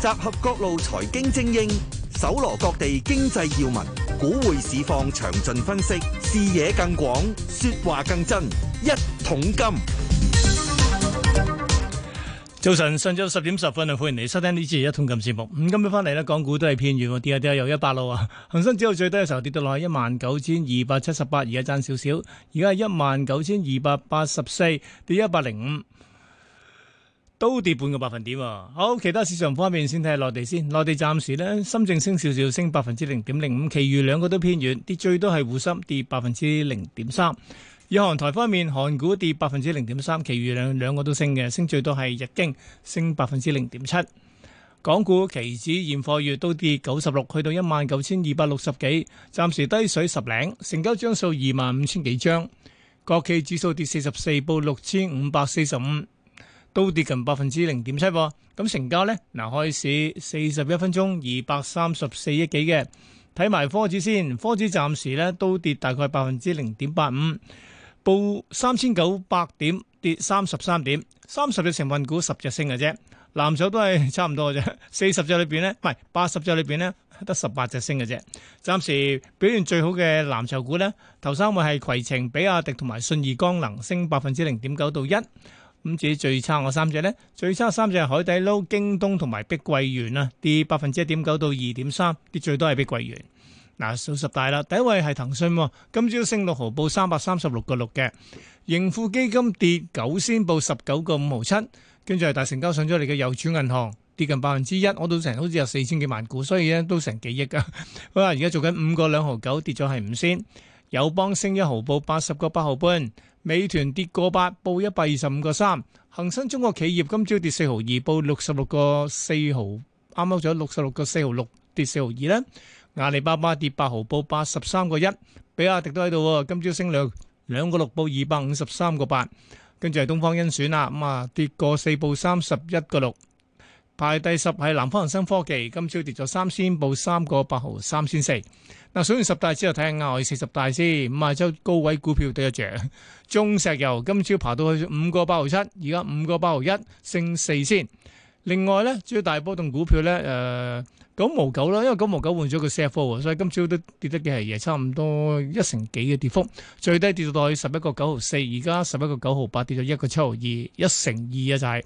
集合各路財經精英，搜羅各地經濟要聞，股匯市況詳盡分析，視野更廣，說話更真。一桶金，早晨，上晝十點十分啊，歡迎嚟收聽呢次一桶金節目。咁今日翻嚟咧，港股都係偏軟喎，跌一跌又一百路啊。恒生指數最低嘅時候跌到落去一萬九千二百七十八，而家爭少少，而家係一萬九千二百八十四，跌一百零五。都跌半個百分點啊！好，其他市場方面先睇下內地先。內地暫時呢，深證升少少，升百分之零點零五，其餘兩個都偏軟，跌最多係滬深跌百分之零點三。日韓台方面，韓股跌百分之零點三，其餘兩兩個都升嘅，升最多係日經升百分之零點七。港股期指現貨月都跌九十六，去到一萬九千二百六十幾，暫時低水十零，成交張數二萬五千幾張，國企指數跌四十四，報六千五百四十五。都跌近百分之零點七，咁成交呢，嗱，開市四十一分鐘二百三十四億幾嘅，睇埋科指先，科指暫時呢都跌大概百分之零點八五，報三千九百點，跌三十三點，三十隻成分股十隻升嘅啫，藍籌都係差唔多嘅啫，四十隻裏邊呢，唔係八十隻裏邊呢，得十八隻升嘅啫，暫時表現最好嘅藍籌股呢，頭三位係攜程、比亞迪同埋信義光能，升百分之零點九到一。咁至於最差嗰三隻咧，最差三隻係海底撈、京東同埋碧桂園啊，跌百分之一點九到二點三，跌最多係碧桂園。嗱，數十大啦，第一位係騰訊，今朝升六毫報三百三十六個六嘅。盈富基金跌九仙報十九個五毫七，跟住係大成交上咗嚟嘅郵儲銀行跌近百分之一，我到成好似有四千幾萬股，所以咧都成幾億噶。好啦，而家做緊五個兩毫九，跌咗係五仙。友邦升一毫報八十個八毫半。美團跌個八，報一百二十五個三。恒生中國企業今朝跌四毫二，報六十六個四毫。啱啱仲有六十六個四毫六，跌四毫二咧。阿里巴巴跌八毫，報八十三個一。比亞迪都喺度，今朝升兩兩個六，報二百五十三個八。跟住係東方甄選啊，咁啊跌個四，報三十一個六。排第十係南方恒生科技，今朝跌咗三仙，報三個八毫三仙四。嗱，數完十大之後，睇下外四十大先。五十周高位股票對一漲，中石油今朝爬到去五個八毫七，而家五個八毫一，升四仙。另外咧，最大波動股票咧，誒，九毛九啦，因為九毛九換咗個 C F O 啊，所以今朝都跌得嘅係差唔多一成幾嘅跌幅，最低跌到去十一個九毫四，而家十一個九毫八，跌咗一個七毫二，一成二啊就係。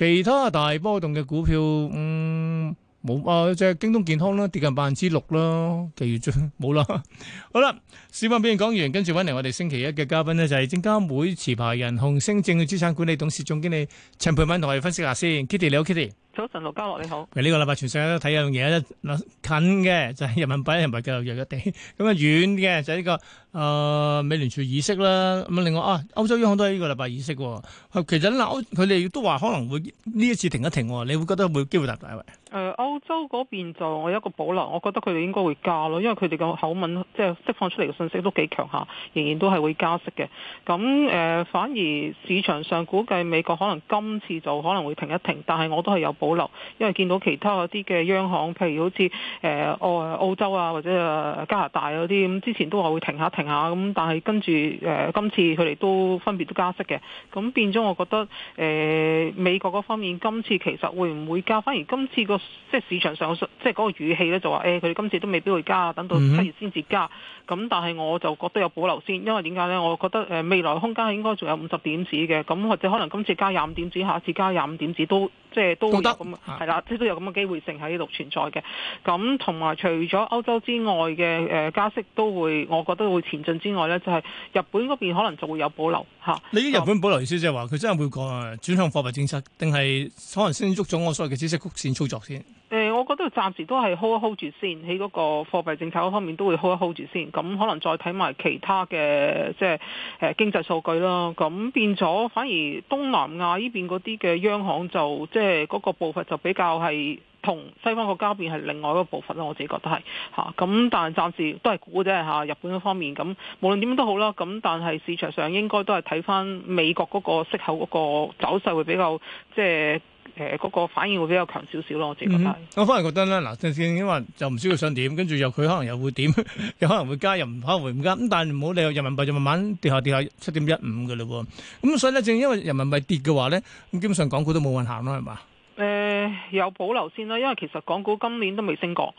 其他大波動嘅股票，嗯，冇啊，即係京東健康啦，跌近百分之六啦，其餘就冇啦。 好啦，小班表演講完，跟住揾嚟,我哋星期一嘅嘉賓咧，就係證監會持牌人、紅星證券資產管理董事總經理陳培敏，同我哋分析下先。Kitty，你好，Kitty。早晨，陸家樂你好。其實呢個禮拜全世界都睇一樣嘢，近嘅就係人民幣又唔係繼續弱一啲，咁啊遠嘅就係呢、這個誒、呃、美聯儲議息啦。咁啊另外啊，歐洲央行都喺呢個禮拜議息。其實嗱，歐佢哋都話可能會呢一次停一停，你會覺得有冇機會，大唔大？誒歐洲嗰邊就我有一個保留，我覺得佢哋應該會加咯，因為佢哋嘅口吻即係、就是、釋放出嚟嘅信息都幾強下，仍然都係會加息嘅。咁誒、呃、反而市場上估計美國可能今次就可能會停一停，但係我都係有保留，因為見到其他嗰啲嘅央行，譬如好似誒澳洲啊或者啊加拿大嗰啲咁，之前都話會停下停下咁，但係跟住誒、呃、今次佢哋都分別都加息嘅，咁變咗我覺得誒、呃、美國嗰方面今次其實會唔會加？反而今次個即係市場上即係嗰個語氣咧，就話誒，佢哋今次都未必會加，等到七月先至加。咁但係我就覺得有保留先，因為點解咧？我覺得誒，未來空間應該仲有五十點子嘅，咁或者可能今次加廿五點子，下一次加廿五點子都。即係都有咁，係啦得，即係都有咁嘅機會性喺呢度存在嘅。咁同埋除咗歐洲之外嘅誒、呃、加息都會，我覺得會前進之外咧，就係、是、日本嗰邊可能就會有保留嚇。啊、你啲日本保留意思即係話佢真係會講轉向貨幣政策，定係可能先捉咗我所謂嘅孳息曲線操作先？誒，我覺得暫時都係 hold 一 hold 住先，喺嗰個貨幣政策嗰方面都會 hold 一 hold 住先，咁可能再睇埋其他嘅即係誒經濟數據啦。咁變咗反而東南亞呢邊嗰啲嘅央行就即係嗰個步伐就比較係同西方國家變係另外一個步伐啦。我自己覺得係嚇，咁但係暫時都係估啫嚇。日本嗰方面咁，無論點都好啦。咁但係市場上應該都係睇翻美國嗰個息口嗰個走勢會比較即係。誒、嗰、呃那個反應會比較強少少咯，我自己覺得、嗯。我反而覺得咧，嗱，正正因為就唔知佢想點，跟住又佢可能又會點，又可能會加，又唔可能會唔加。咁但係唔好理由，人民幣就慢慢跌下跌下，七點一五嘅咯。咁所以咧，正因為人民幣跌嘅話咧，咁基本上港股都冇運行咯，係嘛。誒有、呃、保留先啦，因為其實港股今年都未升過，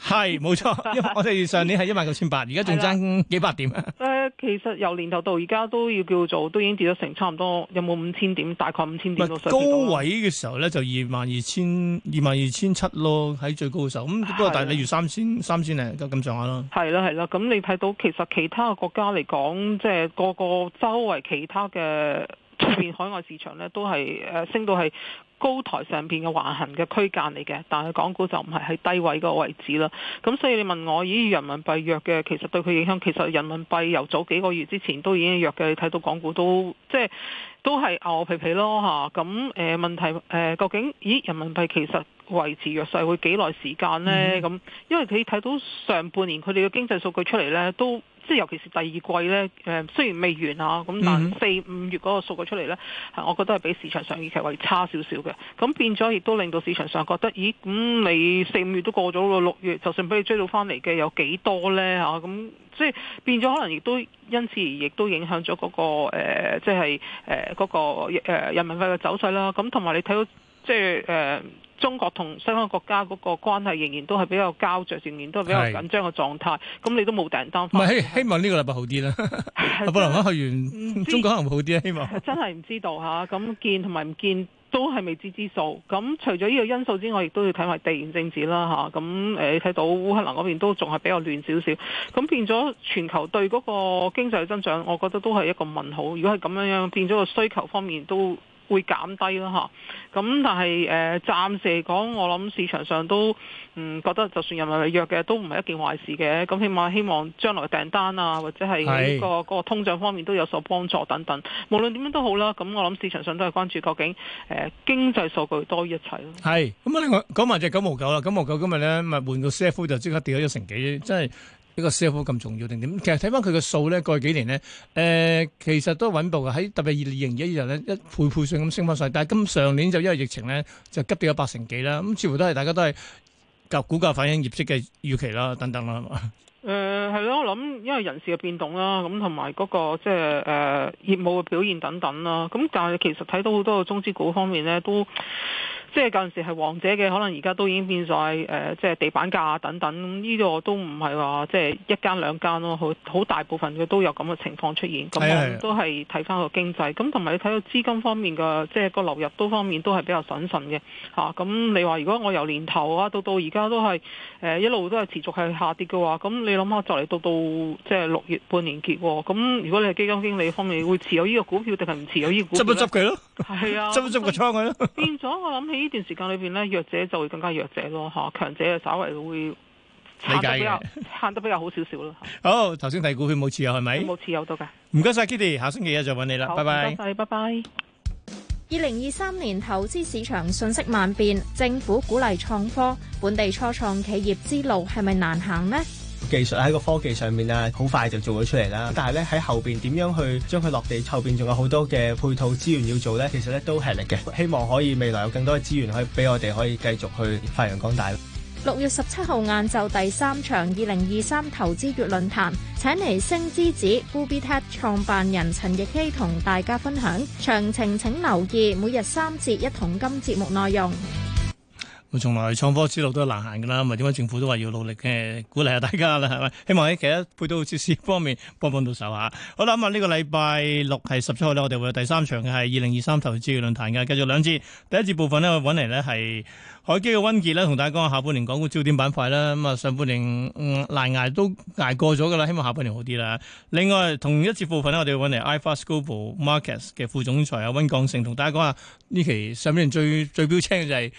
係冇錯。因為 我哋上年係一萬九千八，而家仲爭幾百點啊？誒，其實由年頭到而家都要叫做，都已經跌咗成差唔多，有冇五千點？大概五千點高位嘅時候咧，就二萬二千二萬二千七咯，喺最高嘅時候。咁不過但係你如三千三千零就咁上下啦。係啦係啦，咁你睇到其實其他嘅國家嚟講，即係個個周圍其他嘅。上邊海外市場咧都係誒、啊、升到係高台上邊嘅橫行嘅區間嚟嘅，但係港股就唔係喺低位個位置啦。咁所以你問我，咦人民幣弱嘅，其實對佢影響其實人民幣由早幾個月之前都已經弱嘅，你睇到港股都即係都係牛皮皮咯嚇。咁誒問題誒、呃，究竟咦人民幣其實維持弱勢會幾耐時間呢？咁、嗯、因為你睇到上半年佢哋嘅經濟數據出嚟呢都。即係尤其是第二季呢，誒雖然未完啊，咁但四五月嗰個數據出嚟呢，嚇我覺得係比市場上預期為差少少嘅。咁變咗亦都令到市場上覺得，咦？咁、嗯、你四五月都過咗咯，六月就算俾你追到翻嚟嘅，有幾多呢？嚇咁，即係變咗可能亦都因此而亦都影響咗嗰、嗰個即係誒嗰個、呃、人民幣嘅走勢啦。咁同埋你睇到即係誒。就是中國同西方國家嗰個關係仍然都係比較膠着，仍然都係比較緊張嘅狀態。咁是你都冇訂單。唔係希望呢個禮拜好啲啦。特朗普去完中國可能好啲，希望。 真係唔知道嚇，咁、啊、見同埋唔見都係未知之數。咁除咗呢個因素之外，亦都要睇埋地緣政治啦嚇。咁、啊、誒，睇到烏克蘭嗰邊都仲係比較亂少少。咁變咗全球對嗰個經濟嘅增長，我覺得都係一個問號。如果係咁樣樣，變咗個需求方面都，會減低咯嚇，咁但係誒、呃、暫時嚟講，我諗市場上都嗯覺得就算人民幣弱嘅都唔係一件壞事嘅，咁起碼希望將來訂單啊或者係呢、那個、是個通脹方面都有所幫助等等，無論點樣都好啦。咁我諗市場上都係關注究竟誒、呃、經濟數據多於一切。咯。係咁啊，另外講埋隻九毛九啦，九毛九今日咧咪換個 c f、v、就即刻跌咗一成幾，真係。呢個 CF 咁重要定點？其實睇翻佢嘅數咧，過去幾年咧，誒其實都穩步嘅，喺特別二零二一年咧，一倍倍上咁升翻晒。但係今上年就因為疫情咧，就急跌咗八成幾啦。咁似乎都係大家都係價股價反映業績嘅預期啦，等等啦。誒係咯，我諗因為人事嘅變動啦，咁同埋嗰個即係誒業務嘅表現等等啦。咁但係其實睇到好多嘅中資股方面咧都。即係舊陣時係王者嘅，可能而家都已經變曬誒、呃，即係地板價等等。呢、這個都唔係話即係一間兩間咯，好好大部分嘅都有咁嘅情況出現。咁都係睇翻個經濟，咁同埋你睇到資金方面嘅，即係個流入都方面都係比較謹慎嘅嚇。咁、啊、你話如果我由年頭啊到到而家都係誒、呃、一路都係持續係下跌嘅話，咁你諗下就嚟到到即係六月半年結喎、哦。咁如果你係基金經理方面，面會持有呢個股票定係唔持有呢個股票呢？執乜執嘅咯？係啊，執一執個倉佢咯。以 變咗，我諗起呢段時間裏邊咧，弱者就會更加弱者咯，吓、啊，強者就稍為會行得比較行得比較好少少啦。好、 哦，頭先睇股票冇持有係咪？冇持有多噶。唔該晒，Kitty，下星期一就揾你啦好拜，拜拜。唔該拜拜。二零二三年投資市場瞬息萬變，政府鼓勵創科，本地初創企業之路係咪難行呢？技術喺個科技上面啊，好快就做咗出嚟啦。但係咧，喺後邊點樣去將佢落地，後邊仲有好多嘅配套資源要做呢。其實咧都係力嘅，希望可以未來有更多嘅資源可以俾我哋可以繼續去發揚光大。六月十七號晏晝第三場二零二三投資月論壇，請嚟星之子 Bubi Tech 創辦人陳奕希同大家分享。詳情請留意每日三節一桶金節目內容。我從來創科之路都難行噶啦咁咪點解政府都話要努力嘅鼓勵下大家啦，係咪？希望喺其他配套設施方面幫幫到手吓。好啦，咁啊，呢個禮拜六係十七號咧，我哋會有第三場嘅係二零二三投資論壇嘅，繼續兩節。第一節部分呢，我揾嚟，呢係海基嘅溫杰呢同大家講下下半年港股焦點板塊啦。咁啊，上半年難挨、嗯、都挨過咗噶啦希望下半年好啲啦。另外，同一節部分呢，我哋要揾嚟 iFirst Global Markets 嘅副總裁阿溫剛成同大家講下呢期上面最最標青嘅就係。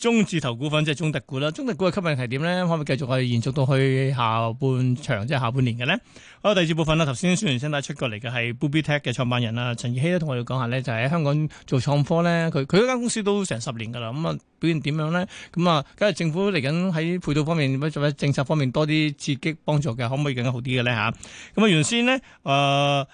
中字頭股份即係中特股啦，中特股嘅吸引力係點咧？可唔可以繼續係延續到去下半場，即係下半年嘅咧？好，第二部分啦，頭先宣傳新帶出嚟嘅係 BubiTech 嘅創辦人啊，陳義希咧，同我哋講下咧，就係喺香港做創科咧，佢佢嗰間公司都成十年噶啦，咁啊表現點樣咧？咁啊，今日政府嚟緊喺配套方面乜做政策方面多啲刺激幫助嘅，可唔可以更加好啲嘅咧嚇？咁啊，原先咧，誒、呃。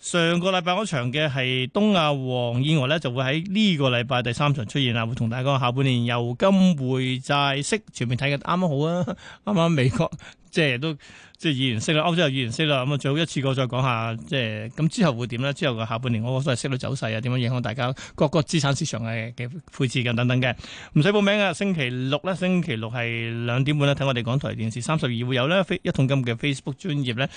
上個禮拜嗰場嘅係東亞王以外呢，就會喺呢個禮拜第三場出現啦。會同大家講下半年油金匯債息前面睇嘅啱啱好啊，啱啱美國。即係都即係語言識啦，歐洲又語言識啦，咁啊最好一次過再講下，即係咁之後會點咧？之後嘅下半年我我都係息率走勢啊，點樣影響大家各個資產市場嘅配置啊等等嘅，唔使報名嘅，星期六咧，星期六係兩點半咧，睇我哋港台電視三十二，會有呢一桶金嘅 Facebook 專頁咧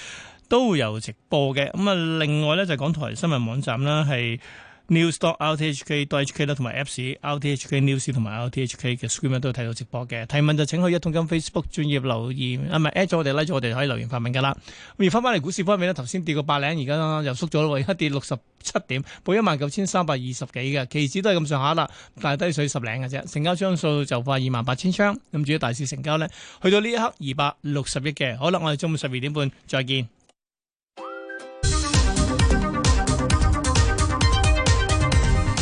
都會有直播嘅，咁啊另外咧就港台新聞網站啦係，news.rthk.hk 同埋 apps.rthk.hk News 同埋 RTHK 嘅 Screen 都睇到直播嘅。提問就請去一桶金 Facebook 專頁留言，啊唔 at 咗我哋 like 咗我哋可以留言發問㗎啦。而翻翻嚟股市方面咧，頭先跌過百零，而家又縮咗喎，而家跌六十七點，報一萬九千三百二十幾嘅。期指都係咁上下啦，但係低水十零嘅啫。成交張數就快二萬八千張，咁至於大市成交咧，去到呢一刻二百六十億嘅。好啦，我哋中午十二點半再見。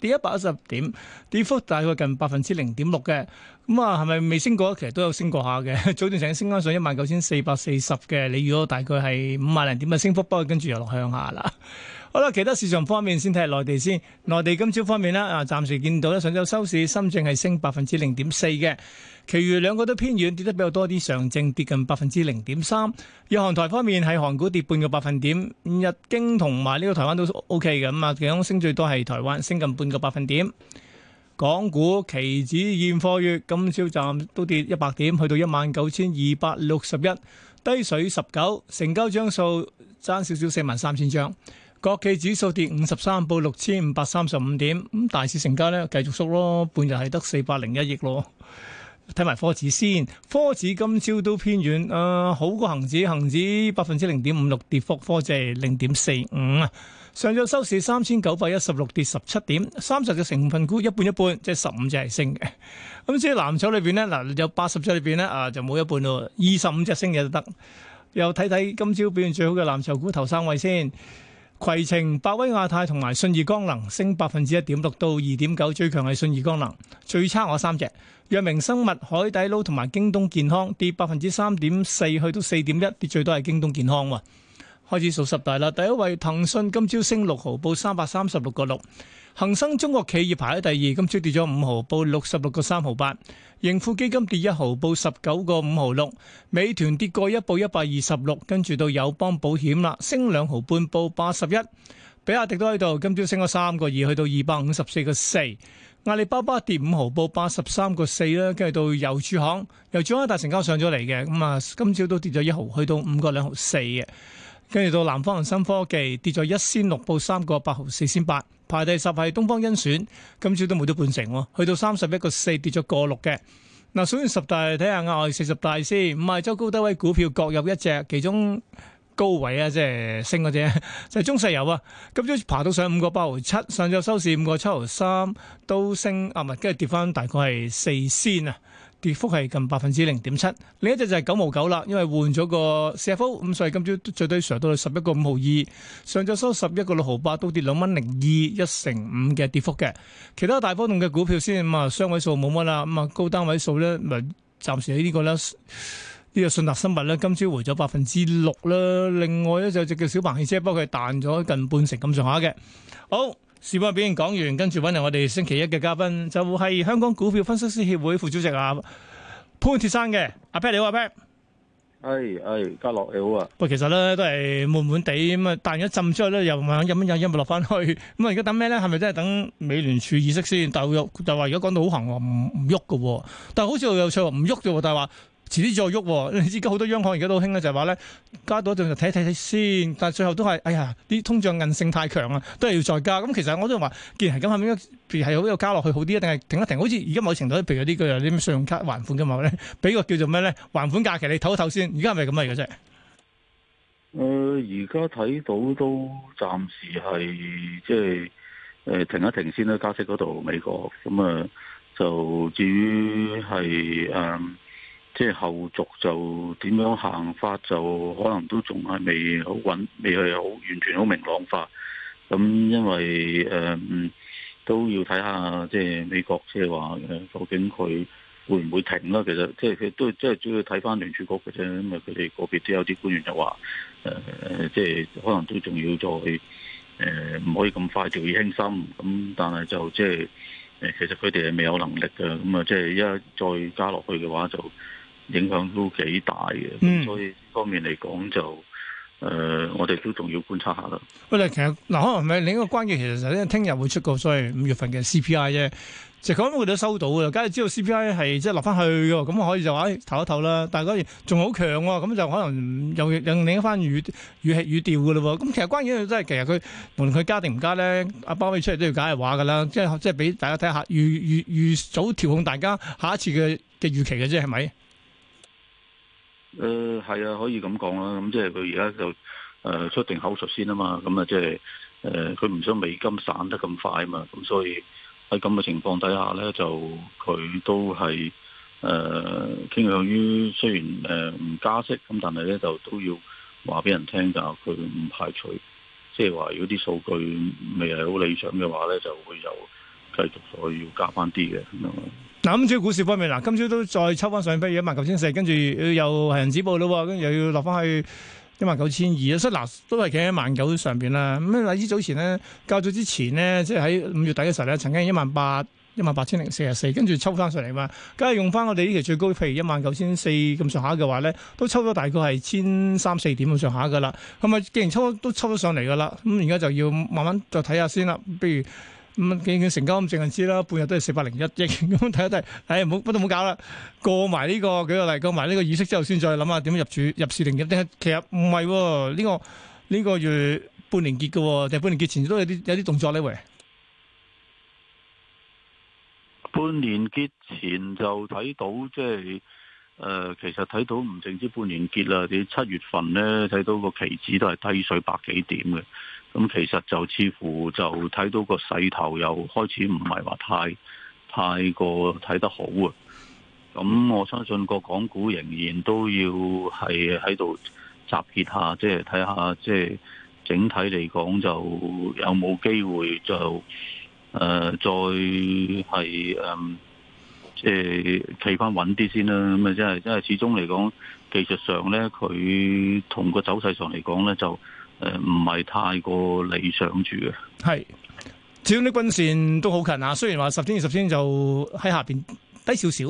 跌一百一十點，跌幅大概近百分之零點六嘅，咁啊係咪未升過？其實都有升過下嘅， 早段時間升翻上一萬九千四百四十嘅，你如果大概係五十零點嘅升幅，不過跟住又落向下啦。好啦，其他市場方面先睇下內地先。內地今朝方面呢，啊，暫時見到咧，上週收市深，深圳係升百分之零點四嘅，其餘兩個都偏軟，跌得比較多啲。上證跌近百分之零點三。日韓台方面係韓股跌半個百分點，日經同埋呢個台灣都 O K 嘅咁啊，嘅升最多係台灣升近半個百分點。港股期指現貨月今朝暫都跌一百點，去到一萬九千二百六十一，低水十九，成交張數爭少少四萬三千張。國企指數跌五十三，報六千五百三十五點。咁大市成交咧，繼續縮咯，半日係得四百零一億咯。睇埋科指先，科指今朝都偏軟。誒、呃，好過恒指，恒指百分之零點五六，跌幅科指零點四五。上晝收市三千九百一十六，跌十七點。三十隻成分股一半一半，即係十五隻係升嘅。咁至於藍籌裏邊咧，嗱、呃、有八十隻裏邊呢，啊就冇一半咯，二十五隻升嘅就得。又睇睇今朝表現最好嘅藍籌股頭三位先。携程、百威亞太同埋信義光能升百分之一點六到二點九，最強係信義光能，最差我三隻。藥明生物、海底撈同埋京東健康跌百分之三點四去到四點一，跌最多係京東健康喎。開始數十大啦，第一位騰訊今朝升六毫報，報三百三十六個六。恒生中國企業排喺第二，今朝跌咗五毫，報六十六個三毫八。盈富基金跌一毫，報十九個五毫六。美團跌過一，報一百二十六。跟住到友邦保險啦，升兩毫半，報八十一。比亞迪都喺度，今朝升咗三個二，去到二百五十四個四。阿里巴巴跌五毫，報八十三個四啦。跟住到郵儲行，郵儲行大成交上咗嚟嘅，咁啊，今朝都跌咗一毫，去到五個兩毫四嘅。跟住到南方恒生科技跌咗一仙六，報三個八毫四仙八。排第十係東方甄選，今朝都冇咗半成喎，去到三十一個四，跌咗個六嘅。嗱，數完十大睇下啊，我四十大先，五係周高低位股票各入一隻，其中高位啊，即、就、係、是、升嗰隻 就係中石油啊。今朝爬到上五個八毫七，上晝收市五個七毫三，都升啊，唔係，跟住跌翻大概係四仙啊。跌幅係近百分之零點七，另一隻就係九毛九啦，因為換咗個 CFO，咁所以今朝最低上到十一個五毫二，上晝收十一個六毫八，都跌兩蚊零二，一成五嘅跌幅嘅。其他大波動嘅股票先，咁啊雙位數冇乜啦，咁啊高單位數咧咪暫時喺呢個咧呢個信達生物咧，今朝回咗百分之六啦。另外咧就隻叫小鵬汽車，不過佢彈咗近半成咁上下嘅。好。事波嘅表現講完，跟住揾嚟我哋星期一嘅嘉賓，就係、是、香港股票分析師協會副主席啊潘鐵生嘅阿 Pat。你好啊 Pat，係係，嘉樂、哎哎、好啊。喂，其實咧都係悶悶地咁啊，彈咗一浸之後咧，又問飲唔飲、飲唔落翻去。咁啊，而家等咩咧？係咪真係等美聯儲議息先？但係又就話而家講到好行喎，唔唔喐嘅喎。但係好似又唱話唔喐嘅喎，但係話。遲啲再喐、哦，依家你知好多央行而家都興咧，就係話咧，加到一段就睇睇睇先，但係最後都係，哎呀，啲通脹韌性太強啊，都係要再加。咁其實我都話，既然係咁，係咪變係好有加落去好啲，定係停一停？好似而家某程度，譬如、這個、有啲佢有啲信用卡還款嘅話咧，俾個叫做咩咧還款假期，你唞一唞先。而家係咪咁啊？而家啫。誒，而家睇到都暫時係即係誒、呃、停一停先啦，加息嗰度美國咁啊、嗯、呃，就至於係誒。呃即係後續就點樣行法，就可能都仲係未好穩，未去好完全好明朗化。咁因為誒、呃、都要睇下，即係美國即係話誒，究竟佢會唔會停啦？其實即係佢都即係主要睇翻聯儲局嘅啫。因為佢哋個別都有啲官員就話誒、呃，即係可能都仲要再誒，唔、呃、可以咁快掉以輕心。咁但係就即係誒，其實佢哋係未有能力嘅。咁啊，即係一再加落去嘅話就。影響都幾大嘅，所以方面嚟講就誒，我哋都仲要觀察下啦。喂，其實嗱，可能係另一個關鍵，其實就係聽日會出個所謂五月份嘅 CPI 啫。其實講佢都收到嘅，假如知道 CPI 係即係落翻去嘅，咁可以就話唞一唞啦。但係如仲好強喎，咁就可能又另一番語語氣語調嘅咯。咁其實關鍵嘅真係其實佢無論佢加定唔加咧，阿包尾出嚟都要解下話㗎啦，即係即係俾大家睇下預預預早調控大家下一次嘅嘅預期嘅啫，係咪？誒，係、呃、啊，可以咁講啦，咁、嗯、即係佢而家就誒、呃、出定口術先啊嘛，咁、嗯、啊即係誒佢唔想美金散得咁快啊嘛，咁、嗯、所以喺咁嘅情況底下咧，就佢都係誒傾向於雖然誒唔、呃、加息，咁但係咧就都要話俾人聽就佢唔排除，即係話如果啲數據未係好理想嘅話咧，就會有繼續可以要加翻啲嘅咁樣。嗯嗱，諗住股市方面，嗱，今朝都再抽翻上去，一萬九千四，跟住又係銀紙報咯，跟住又要落翻去一萬九千二啊！所以嗱，都係企喺一萬九上邊啦。咁啊，例如早前咧，較早之前咧，即係喺五月底嘅時候咧，曾經一萬八，一萬八千零四十四，跟住抽翻上嚟嘛。梗係用翻我哋呢期最高，譬如一萬九千四咁上下嘅話咧，都抽咗大概係千三四點咁上下噶啦。咁啊，既然抽都抽咗上嚟噶啦，咁而家就要慢慢再睇下先啦。比如。咁佢佢成交咁剩係知啦，半日都係四百零一億咁睇一睇，唉冇不都唔好搞啦，過埋呢、這個幾個例，過埋呢個議息之後先再諗下點樣入主入市定嘅。但係其實唔係喎，呢、這個呢、這個月半年結嘅，定係半年結前都有啲有啲動作呢？喂，半年結前就睇到即係誒、呃，其實睇到唔淨止半年結啦，你七月份咧睇到個期指都係低水百幾點嘅。咁其實就似乎就睇到個勢頭又開始唔係話太太過睇得好啊！咁我相信個港股仍然都要係喺度集結下，即係睇下即係、就是、整體嚟講就有冇機會就誒、呃、再係誒即係企翻穩啲先啦。咁啊、就是，即係即係始終嚟講技術上咧，佢同個走勢上嚟講咧就。誒，唔係、呃、太過理想住嘅係，只要啲均線都好近啊。雖然話十天二十天就喺下邊低少少，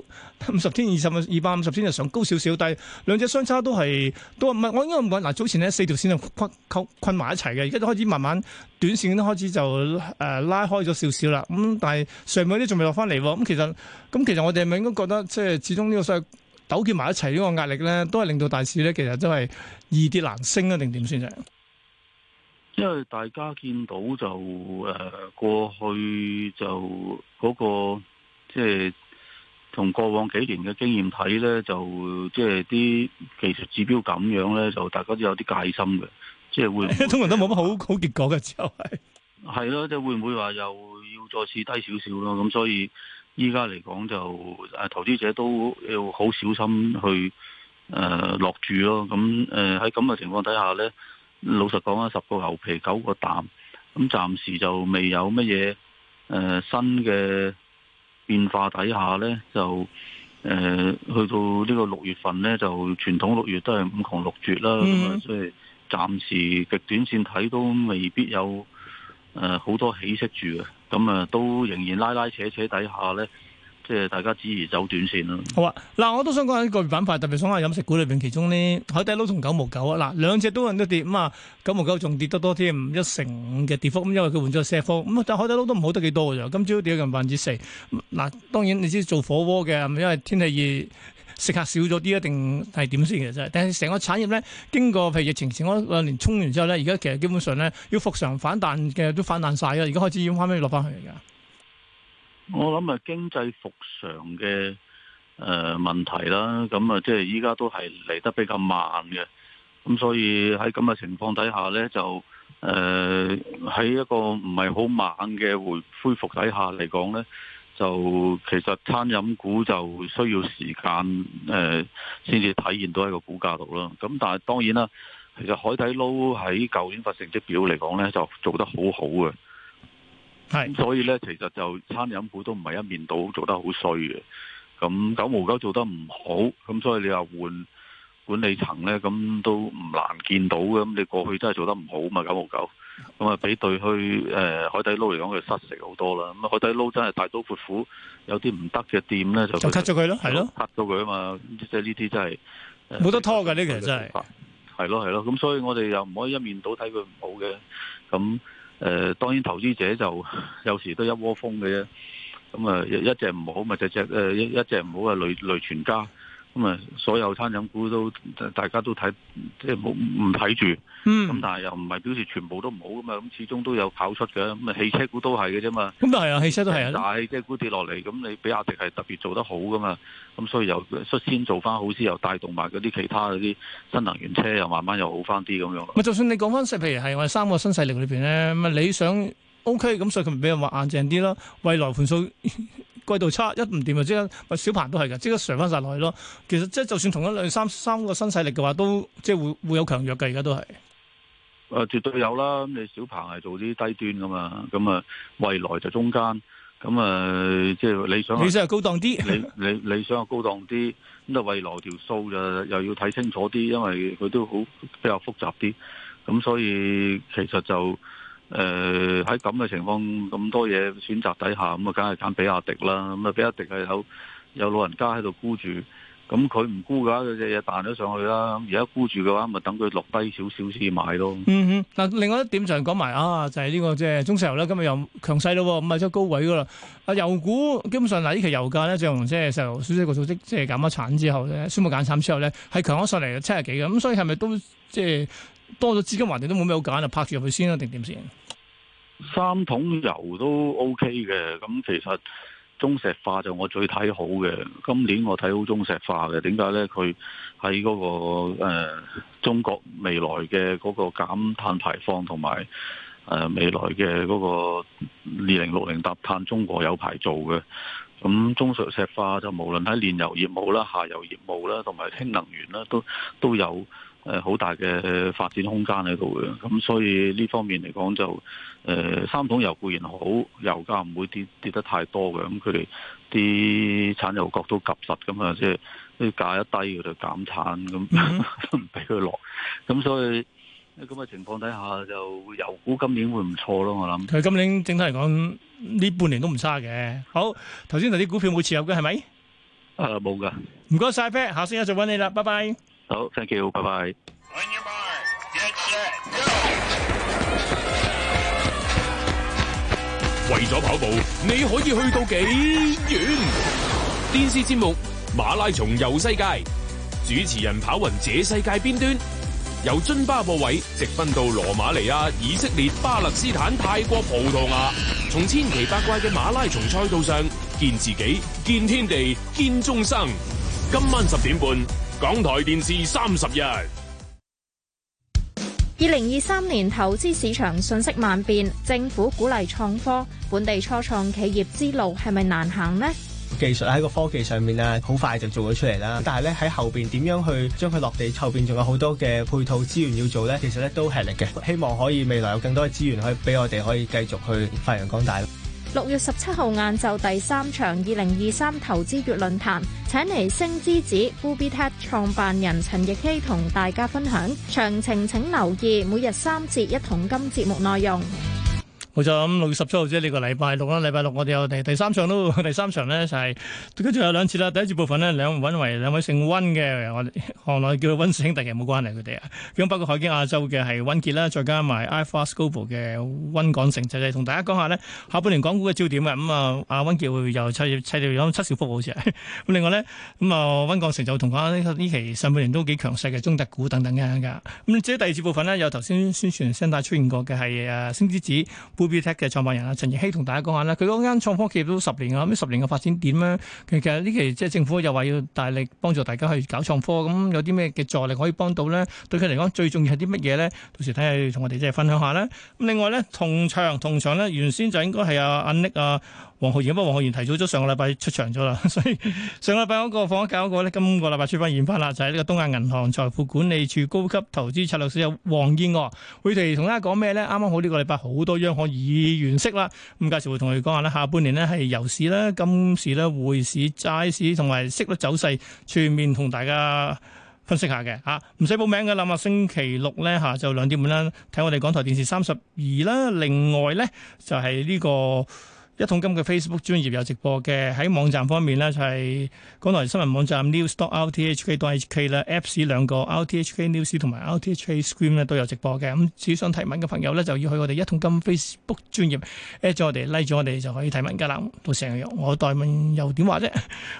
五十天二十二百五十天就上高少少，但係兩者相差都係都唔係。我應該唔係嗱，早前呢四條線就困埋一齊嘅，而家都開始慢慢短線都開始就誒、呃、拉開咗少少啦。咁但係上面嗰啲仲未落翻嚟咁，其實咁其實我哋係咪應該覺得即係始終呢個所謂糾結埋一齊呢個壓力咧，都係令到大市咧，其實真係易跌難升啊，定點算啫？因為大家見到就誒、呃、過去就嗰、那個即係從過往幾年嘅經驗睇呢，就即係啲技術指標咁樣呢，就大家都有啲戒心嘅，即、就、係、是、會，會 通常都冇乜好 好結果嘅之後係係咯，即係、啊就是、會唔會話又要再試低少少咯？咁所以依家嚟講就誒投資者都要好小心去誒落、呃、注咯。咁誒喺咁嘅情況底下呢。老實講啊，十個牛皮九個淡，咁暫時就未有乜嘢誒新嘅變化底下呢，就誒、呃、去到呢個六月份呢，就傳統六月都係五窮六絕啦，咁啊、mm，hmm。所以暫時極短線睇都未必有誒好、呃、多起色住嘅，咁啊都仍然拉拉扯扯底下呢。即係大家只宜走短線咯。好啊，嗱，我都想講下個別品牌，特別想講下飲食股裏邊，其中呢，海底撈同九毛九啊。嗱，兩隻都有得跌，咁、嗯、啊，九毛九仲跌得多添，一成嘅跌幅。咁、嗯、因為佢換咗 set 方，咁、嗯、但海底撈都唔好得幾多嘅咋。今朝跌咗近百分之四。嗱，當然你知做火鍋嘅，因為天氣熱，食客少咗啲一,一定係點先其實？但係成個產業咧，經過譬如疫情前嗰兩年衝完之後咧，而家其實基本上咧要復常反彈嘅都反彈晒啦，而家開始已要慢慢落翻去嘅。我諗啊，經濟復常嘅誒問題啦，咁、嗯、啊，即係依家都係嚟得比較慢嘅，咁、嗯、所以喺咁嘅情況底下呢，就誒喺、呃、一個唔係好猛嘅回恢復底下嚟講呢，就其實餐飲股就需要時間誒，先、呃、至體現到喺個股價度啦。咁、嗯、但係當然啦，其實海底撈喺舊年發成績表嚟講呢，就做得好好嘅。係咁，所以咧，其實就餐飲店都唔係一面倒做得好衰嘅。咁九毛九做得唔好，咁所以你話換管理層咧，咁都唔難見到嘅。咁你過去真係做得唔好嘛，九毛九咁啊，比對去誒海底撈嚟講，佢失食好多啦。咁啊，海底撈真係大刀闊斧，有啲唔得嘅店咧就就 cut 咗佢咯，係咯，cut 咗佢啊嘛。即係呢啲真係冇得拖嘅，呢其實真係係咯係咯。咁所以我哋又唔可以一面倒睇佢唔好嘅咁。誒、呃、當然投資者就有時都一窩蜂嘅啫，咁、嗯、啊一隻唔好咪隻隻誒一隻唔、呃、好啊累累全家。咁啊，所有餐飲股都大家都睇，即係冇唔睇住。嗯。咁但係又唔係表示全部都唔好噶嘛，咁始終都有跑出嘅。咁啊，汽車股都係嘅啫嘛。咁都係啊，汽車都係啊。但係即係汽車股跌落嚟，咁你比亞迪係特別做得好噶嘛。咁、嗯、所以又率先做翻好先，又帶動埋嗰啲其他嗰啲新能源車，又慢慢又好翻啲咁樣。咪就算你講翻，即譬如係我哋三個新勢力裏邊咧，咁啊理想。OK，咁所以佢咪俾人話硬淨啲咯。蔚來盤數季 度差一唔掂啊，即刻咪小鵬都係嘅，即刻上翻晒落去咯。其實即係就算同一兩三三個新勢力嘅話，都即係會會有強弱嘅。而家都係，啊，絕對有啦。咁你小鵬係做啲低端噶嘛，咁啊，蔚來就中間，咁啊，即、就、係、是、你想，理想 你，你，你想係高檔啲，你你你想係高檔啲，咁啊，蔚來條數就又要睇清楚啲，因為佢都好比較複雜啲，咁所以其實就。誒，喺咁嘅情況咁多嘢選擇底下，咁啊，梗係揀比亞迪啦。咁啊，比亞迪係有有老人家喺度沽住，咁佢唔沽嘅話，佢隻嘢彈咗上去啦。而家沽住嘅話，咪等佢落低少少先至買咯。嗯哼，嗱，另外一點就係講埋啊，就係呢個即係中石油啦。今日又強勢咯，咁啊，出高位噶啦。啊，油股基本上嗱，呢期油價咧，自從即係石油、小息局組織即係減咗產之後咧，宣布減產之後咧，係強咗上嚟七十幾嘅。咁所以係咪都即係？多咗資金環境都冇咩好揀啊！拍住入去先啦。定點先？三桶油都 OK 嘅，咁其實中石化就我最睇好嘅。今年我睇好中石化嘅，點解呢？佢喺嗰個、呃、中國未來嘅嗰個減碳排放同埋誒未來嘅嗰個二零六零達碳，中國有排做嘅。咁、嗯、中石油石化就無論喺煉油業務啦、下游業務啦，同埋氫能源啦，都都有。誒，好、呃、大嘅發展空間喺度嘅，咁所以呢方面嚟講就，誒、呃，三桶油固然好，油價唔會跌跌得太多嘅，咁佢哋啲產油國都夾實咁嘛，即係啲價一低佢就減產，咁唔俾佢落，咁、嗯、 所以咁嘅情況底下就油股今年會唔錯咯，我諗。佢今年整體嚟講呢半年都唔差嘅。好，頭先嗰啲股票冇持、啊、有嘅係咪？誒，冇、呃、噶。唔該晒 Pat，下星期一再揾你啦，拜拜。好，thank you，拜拜。為咗跑步，你可以去到幾遠？電視節目《馬拉松遊世界》，主持人跑勻這世界邊端，由津巴布韋直奔到羅馬尼亞、以色列、巴勒斯坦、泰國、葡萄牙，從千奇百怪嘅馬拉松賽道上見自己、見天地、見眾生。今晚十點半。港台電視三十日。二零二三年投資市場信息萬變，政府鼓勵創科，本地初創企業之路係咪難行呢？技術喺個科技上面咧，好快就做咗出嚟啦。但係咧喺後邊點樣去將佢落地？後邊仲有好多嘅配套資源要做咧，其實咧都吃力嘅。希望可以未來有更多嘅資源可以俾我哋可以繼續去發揚光大。六月十七號晏晝，第三場二零二三投資月論壇，請嚟星之子 b u b t a t 創辦人陳奕希同大家分享。詳情請留意每日三節一桶金節目內容。冇錯，咁、這個、六月十七號啫，呢個禮拜六啦，禮拜六我哋有第第三場都第三場咧，就係跟住有兩次啦。第一節部分呢，兩位為兩位姓温嘅，我哋行內叫温氏兄弟嘅冇關係佢哋啊。咁包括海景亞洲嘅係温傑啦，再加埋 iFAST Global 嘅温港城，就係、是、同大家講下呢。下半年港股嘅焦點嘅咁、嗯、啊。阿温傑會又砌砌條七小福好似，咁另外呢，咁、嗯、啊温港城就同講呢期上半年都幾強勢嘅中特股等等嘅咁。至、嗯、於第二節部分呢，有頭先宣傳聲帶出現過嘅係、啊、星之子。UBTech 嘅創辦人啊，陳奕希同大家講下咧，佢嗰間創科企業都十年啊，咁十年嘅發展點咧？其實呢期即係政府又話要大力幫助大家去搞創科，咁有啲咩嘅助力可以幫到咧？對佢嚟講最重要係啲乜嘢咧？到時睇下同我哋即係分享下啦。咁另外咧，同場同場咧，原先就應該係阿 Nick 啊。黃浩然，不過黃浩然提早咗上個禮拜出場咗啦，所以上個禮拜嗰個放一假嗰個咧，今個禮拜出翻現翻啦，就係呢個東亞銀行財富管理處高級投資策略師啊，黃燕娥，佢哋同大家講咩咧？啱啱好呢個禮拜好多央行已完息啦，咁屆時會同你講下呢，下半年呢係油市啦、金市咧、匯市、債市同埋息率走勢全面同大家分析下嘅，吓唔使報名嘅，諗下星期六咧下晝兩點半啦，睇我哋港台電視三十二啦，另外咧就係呢個。一桶金嘅 Facebook 專頁有直播嘅。喺網站方面咧，就係港台新聞網站 news.rthk.hk 啦，Apps 兩個 RTHK News 同埋 RTHK Screen 咧都有直播嘅。咁至於想提問嘅朋友咧，就要去我哋一桶金 Facebook 專頁 at 咗我哋，like 咗我哋，就可以提問㗎啦。到成日我代問又點話啫？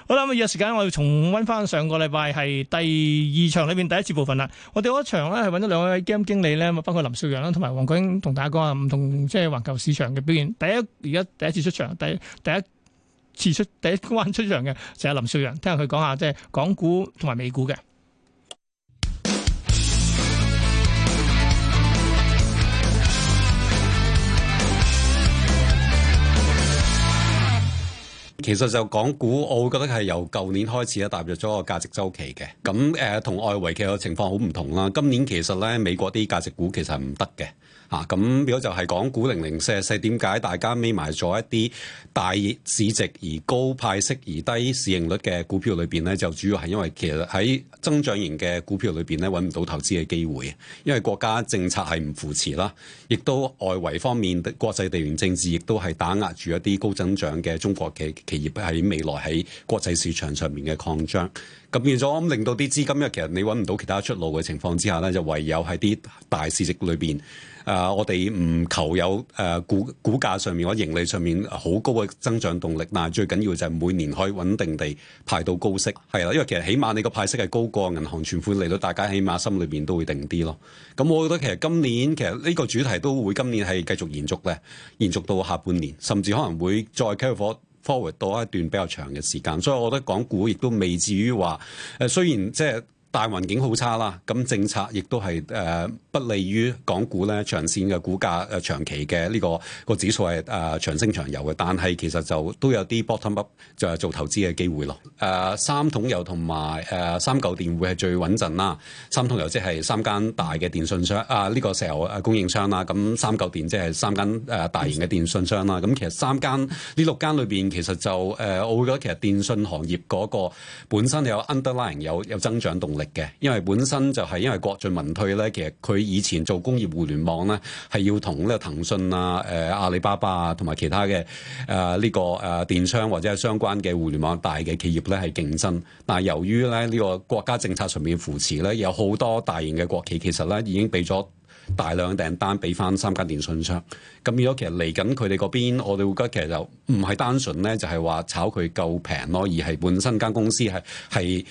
好啦，咁依個時間我要重温翻上個禮拜係第二場裏邊第一節部分啦。我哋嗰場咧係揾咗兩位基金經理咧，包括林少陽啦同埋黃國英同大家講下，唔同即係環球市場嘅表現。第一而家第一節。出場第第一次出第一關出場嘅，就係林少陽，聽下佢講下即係港股同埋美股嘅。其實就港股，我會覺得係由舊年開始咧踏入咗個價值週期嘅。咁、嗯、誒，呃、外圍同外圍嘅情況好唔同啦。今年其實咧，美國啲價值股其實係唔得嘅。啊，咁如果就係講股零零四四，點解大家匿埋咗一啲大市值而高派息而低市盈率嘅股票裏邊呢，就主要係因為其實喺增長型嘅股票裏邊咧揾唔到投資嘅機會，因為國家政策係唔扶持啦，亦都外圍方面國際地緣政治亦都係打壓住一啲高增長嘅中國嘅企業喺未來喺國際市場上面嘅擴張。變咗咁，令到啲資金，其實你搵唔到其他出路嘅情況之下咧，就唯有喺啲大市值裏邊。誒、呃，我哋唔求有誒、呃、股股價上面或者盈利上面好高嘅增長動力，但係最緊要就係每年可以穩定地派到高息，係啦。因為其實起碼你個派息係高過銀行存款利率，大家起碼心裏邊都會定啲咯。咁我覺得其實今年其實呢個主題都會今年係繼續延續咧，延續到下半年，甚至可能會再 cover forward 多一段比較長嘅時間，所以我覺得港股亦都未至於話，誒雖然即係。大環境好差啦，咁政策亦都係誒不利於港股咧長線嘅股價誒、呃、長期嘅呢、這個、這個指數係誒長升長遊嘅，但係其實就都有啲 bottom up 就係做投資嘅機會咯。誒、呃、三桶油同埋誒三嚿電會係最穩陣啦。三桶油即係三間大嘅電訊商啊，呢、這個石油誒供應商啦。咁、啊、三嚿電即係三間誒、呃、大型嘅電訊商啦。咁、啊、其實三間呢六間裏邊其實就誒、呃，我會覺得其實電訊行業嗰個本身有 underlying 有有，有增長動力嘅，因為本身就係因為國進民退咧，其實佢以前做工業互聯網咧，係要同呢個騰訊啊、誒、呃、阿里巴巴啊，同埋其他嘅誒呢個誒、呃、電商或者係相關嘅互聯網大嘅企業咧係競爭。但係由於咧呢、這個國家政策上面扶持咧，有好多大型嘅國企其實咧已經俾咗大量嘅訂單俾翻三間電信商。咁如果其實嚟緊佢哋嗰邊，我哋會覺得其實就唔係單純咧就係、是、話炒佢夠平咯，而係本身間公司係係。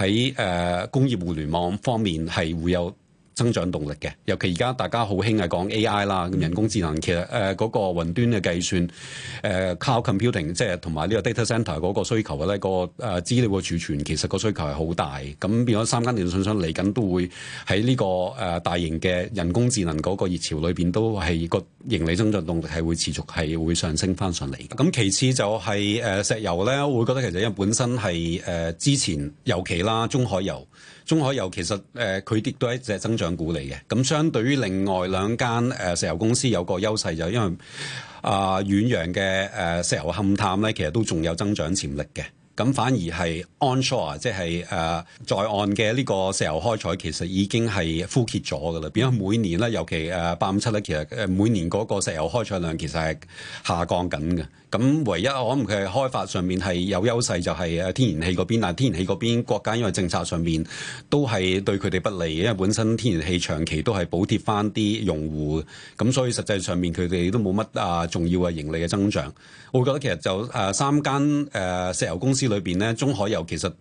喺誒工業互聯網方面係會有，增長動力嘅，尤其而家大家好興係講 AI 啦，人工智能其實誒嗰、呃嗰個雲端嘅計算誒、呃、cloud computing 即係同埋呢個 data centre 嗰個需求咧，嗰個誒資料嘅儲存其實個需求係好大。咁變咗三間電信商嚟緊都會喺呢、個誒、呃、大型嘅人工智能嗰個熱潮裏邊都係個盈利增長動力係會持續係會上升翻上嚟。咁其次就係、是、誒、呃、石油咧，我會覺得其實因為本身係誒、呃、之前尤其啦，中海油。中海油其實誒佢亦都係一隻增長股嚟嘅，咁相對於另外兩間誒石油公司有個優勢就因為啊、呃、遠洋嘅誒石油勘探咧，其實都仲有增長潛力嘅，咁反而係 onshore 即係誒、呃、在岸嘅呢個石油開採其實已經係枯竭咗㗎喇，變咗每年咧尤其誒八五七咧，其實誒每年嗰個石油開採量其實係下降緊嘅。咁唯一我諗佢係開發上面係有優勢，就係誒天然氣嗰邊，但係天然氣嗰邊國家因為政策上面都係對佢哋不利，因為本身天然氣長期都係補貼翻啲用戶，咁所以實際上面佢哋都冇乜啊重要嘅盈利嘅增長。我覺得其實就誒、呃、三間誒、呃、石油公司裏邊咧，中海油其實。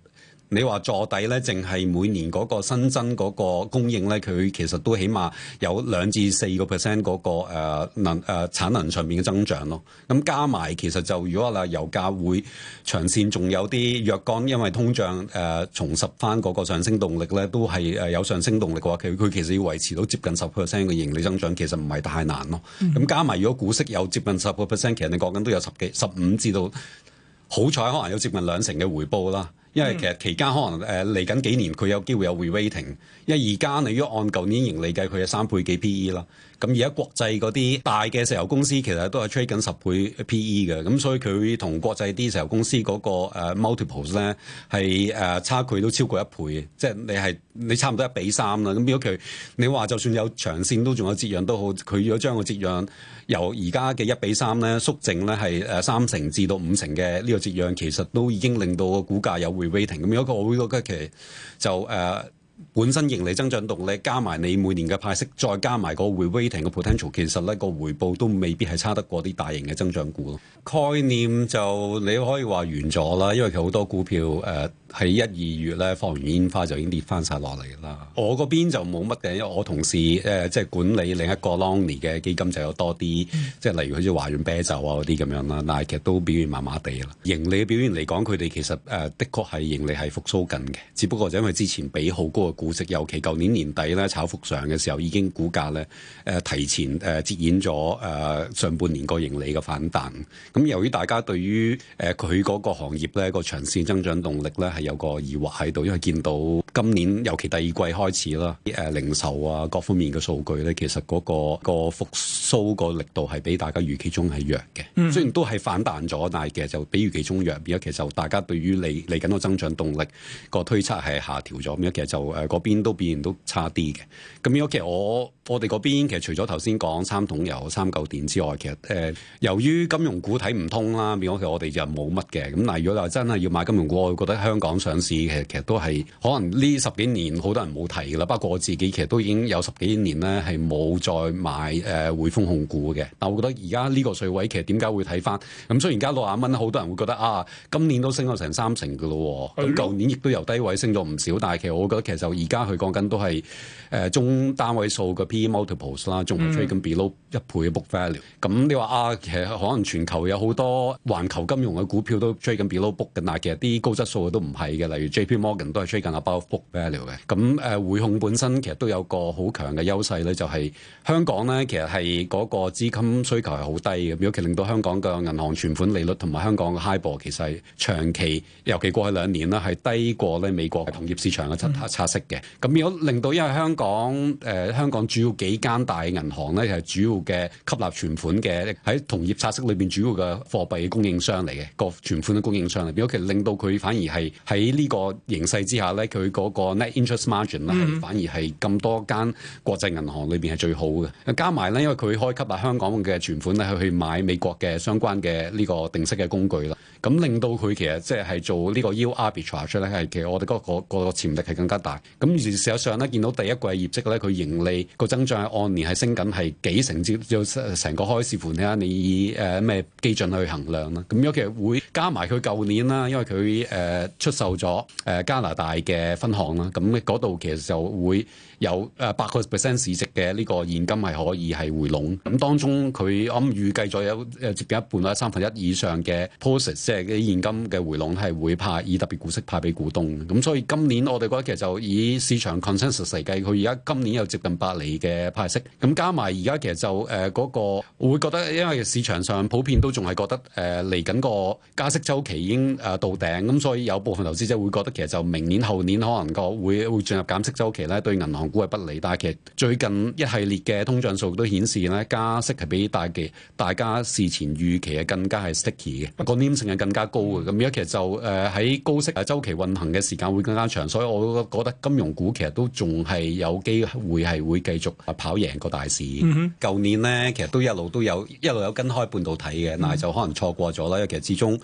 你話坐底咧，淨係每年嗰個新增嗰個供應咧，佢其實都起碼有兩至四個 percent 嗰個能誒產能上面嘅增長咯。咁加埋其實就如果話油價會長線仲有啲弱光，因為通脹誒、呃、重拾翻嗰個上升動力咧，都係誒有上升動力嘅話，佢佢其實要維持到接近十 percent 嘅盈利增長，其實唔係太難咯。咁、嗯、加埋如果股息有接近十個 percent，其實你講緊都有十幾十五至到好彩，可能有接近兩成嘅回報啦。因為其實期間可能誒嚟緊幾年，佢有機會有 re-rating。因為而家你如果按舊年盈利計，佢係三倍幾 P E 啦。咁而家國際嗰啲大嘅石油公司其實都係 trade 緊十倍 P E 嘅。咁所以佢同國際啲石油公司嗰個 multiples 咧係誒、呃、差距都超過一倍，即係你係你差唔多一比三啦。咁如果佢你話就算有長線都仲有折讓都好，佢如果將個折讓由而家嘅一比三咧縮剩咧係誒三成至到五成嘅呢個折讓，其實都已經令到個股價有。waiting 咁有一個我覺得其實就誒。本身盈利增長動力，加埋你每年嘅派息，再加埋個 re-rating 嘅 potential，其實呢個回報都未必係差得過啲大型嘅增長股咯。概念就你可以話完咗啦，因為佢好多股票誒喺一二月咧放完煙花就已經跌翻晒落嚟啦。我嗰邊就冇乜嘅，因為我同事誒、呃、即係管理另一個 long only 嘅基金就有多啲， 即係例如好似華潤啤酒啊嗰啲咁樣啦，但係其實都表現麻麻地啦。盈利嘅表現嚟講，佢哋其實誒、呃、的確係盈利係復甦緊嘅，只不過就因為之前比好高。股息，尤其舊年年底咧炒幅上嘅時候，已經股價咧誒提前誒折現咗誒上半年個盈利嘅反彈。咁由於大家對於誒佢嗰個行業咧個長線增長動力咧係有個疑惑喺度，因為見到今年尤其第二季開始啦，誒零售啊各方面嘅數據咧，其實嗰個個復甦個力度係比大家預期中係弱嘅。雖然都係反彈咗，但係其實就比預期中弱。而家其實大家對於嚟嚟緊個增長動力個推測係下調咗。而家其實就。誒嗰邊都表現都差啲嘅，咁如果其實我我哋嗰邊其實除咗頭先講三桶油、三嚿電之外，其實誒、呃、由於金融股睇唔通啦，變咗其實我哋就冇乜嘅。咁嗱，如果話真係要買金融股，我會覺得香港上市其實其實都係可能呢十幾年好多人冇提啦。不過我自己其實都已經有十幾年呢係冇再買誒、呃、匯豐控股嘅。但我覺得而家呢個水位其實點解會睇翻？咁雖然而家六十蚊，好多人會覺得啊，今年都升咗成三成嘅咯。咁舊年亦都由低位升咗唔少，但係其實我覺得其實。而家佢講緊都係誒、呃、中單位數嘅 PE multiples 啦，仲係追緊 below 一倍嘅 book value。咁你話啊，其實可能全球有好多環球金融嘅股票都追緊 below book 嘅嗱、啊，其實啲高質素都唔係嘅，例如 JP Morgan 都係追緊 above book value 嘅。咁誒、呃、匯控本身其實都有個好強嘅優勢咧，就係香港咧，其實係嗰個資金需求係好低嘅，尤其令到香港嘅銀行存款利率同埋香港嘅 HIBOR 其實係長期尤其過去兩年啦係低過咧美國嘅同業市場嘅拆拆。嗯識嘅，咁如果令到，因為香港，誒、呃、香港主要幾間大銀行咧，係主要嘅吸納存款嘅，喺同業拆息裏邊主要嘅貨幣供應商嚟嘅、個存款嘅供應商嚟，如果其實令到佢反而係喺呢個形勢之下咧，佢嗰個 net interest margin 咧，反而係咁多間國際銀行裏邊係最好嘅。加埋咧，因為佢可以吸納香港嘅存款咧，去買美國嘅相關嘅呢個定息嘅工具啦，咁令到佢其實即係做呢個 yield arbitrage 咧，係其實我哋嗰、嗰個、嗰個個潛力係更加大。咁、嗯、而事實上咧，見到第一季業績咧，佢盈利個增長係按年係升緊，係幾成之，就成個開市盤咧，你以誒咩、呃、基準去衡量啦？咁、嗯、因為其實會加埋佢舊年啦，因為佢誒、呃、出售咗誒、呃、加拿大嘅分行啦，咁嗰度其實就會。有誒百個 percent 市值嘅呢個現金係可以係回籠，咁當中佢我諗預計咗有誒接近一半啦，三分一以上嘅 positive 即係啲現金嘅回籠係會派，以特別股息派俾股東。咁所以今年我哋覺得其實就以市場 consensus 嚟計，佢而家今年有接近百厘嘅派息，咁加埋而家其實就誒嗰、呃嗰個，我會覺得因為市場上普遍都仲係覺得誒嚟緊個加息周期已經誒、呃、到頂，咁所以有部分投資者會覺得其實就明年後年可能個會會、會進入減息周期咧，對銀行。股係不利，但係其實最近一系列嘅通脹數都顯示呢，加息係比大嘅大家事前預期嘅更加係 sticky 嘅，個黏性係更加高嘅。咁而家其實就誒喺、呃、高息周期運行嘅時間會更加長，所以我覺得金融股其實都仲係有機會係會繼續跑贏個大市。舊、mm hmm. 年呢，其實都一路都有一路有跟開半導體嘅，mm hmm. 但係就可能錯過咗啦。因為其實始終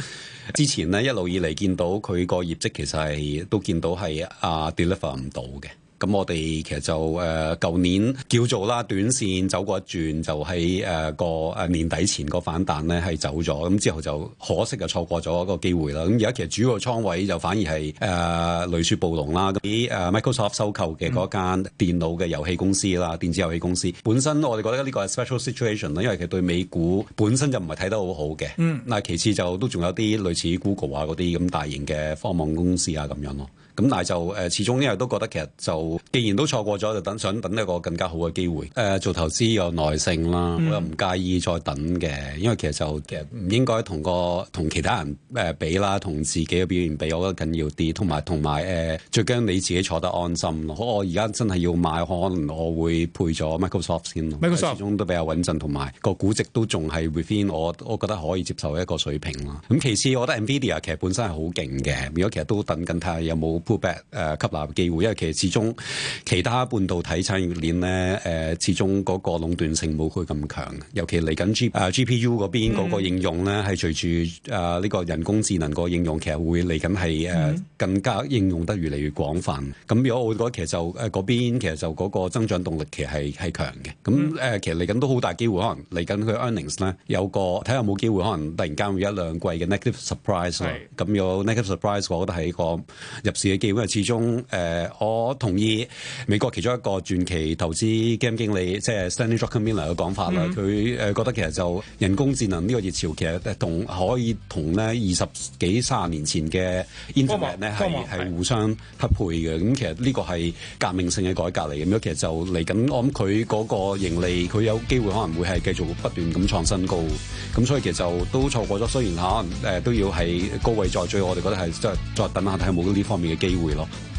之前呢，一路以嚟見到佢個業績其實係都見到係啊、uh, deliver 唔到嘅。咁我哋其實就誒舊、呃、年叫做啦，短線走過一轉，就喺誒個誒年底前個反彈咧，係走咗。咁之後就可惜就錯過咗一個機會啦。咁而家其實主要倉位就反而係誒、呃、動視暴雪啦，俾誒 Microsoft 收購嘅嗰間電腦嘅遊戲公司啦，嗯、電子遊戲公司本身我哋覺得呢個係 special situation 啦，因為其實對美股本身就唔係睇得好好嘅。嗯。嗱，其次就都仲有啲類似 Google 啊嗰啲咁大型嘅科網公司啊咁樣咯。咁但係就誒、呃，始終咧都覺得其實就，既然都錯過咗，就等想等一個更加好嘅機會。誒、呃，做投資有耐性啦，我又唔介意再等嘅，嗯、因為其實就誒唔應該同個同其他人誒比啦，同自己嘅表現比，我覺得緊要啲。同埋同埋誒，最驚你自己坐得安心咯。好，我而家真係要買，可能我會配咗 Microsoft 先。Microsoft 始終都比較穩陣，同埋個估值都仲係 within 我，我覺得可以接受一個水平咯。咁其次，我覺得 Nvidia 其實本身係好勁嘅，如果其實都等緊睇下有冇 pullback 誒吸納機會，因為其實始終其他半導體產業鏈咧誒、呃，始終嗰個壟斷性冇佢咁強。尤其嚟緊 G 誒、uh, GPU 嗰邊嗰個應用咧，係、嗯、隨住啊呢個人工智能個應用，其實會嚟緊係誒更加應用得越嚟越廣泛。咁、嗯、如果我覺得其實就誒嗰邊其實就嗰個增長動力其實係係強嘅。咁誒、嗯、其實嚟緊都好大機會，可能嚟緊佢 earnings 咧有個睇下有冇機會，可能突然間會一兩季嘅 negative surprise 是。咁有 negative surprise，我覺得係一個入市。基本係始終，誒、呃，我同意美國其中一個傳奇投資基金經理，即係、er、Stanley Druckenmiller 嘅講法啦。佢誒覺得其實就人工智能呢個熱潮，其實同可以同咧二十幾卅年前嘅 Internet 咧係互相匹配嘅。咁、嗯、其實呢個係革命性嘅改革嚟嘅。咁、嗯、樣其實就嚟緊，我諗佢嗰個盈利，佢有機會可能會係繼續不斷咁創新高。咁所以其實就都錯過咗。雖然可能、呃、都要喺高位再追，我哋覺得係即係再等下睇有冇呢方面嘅機會。機會咯。Hey,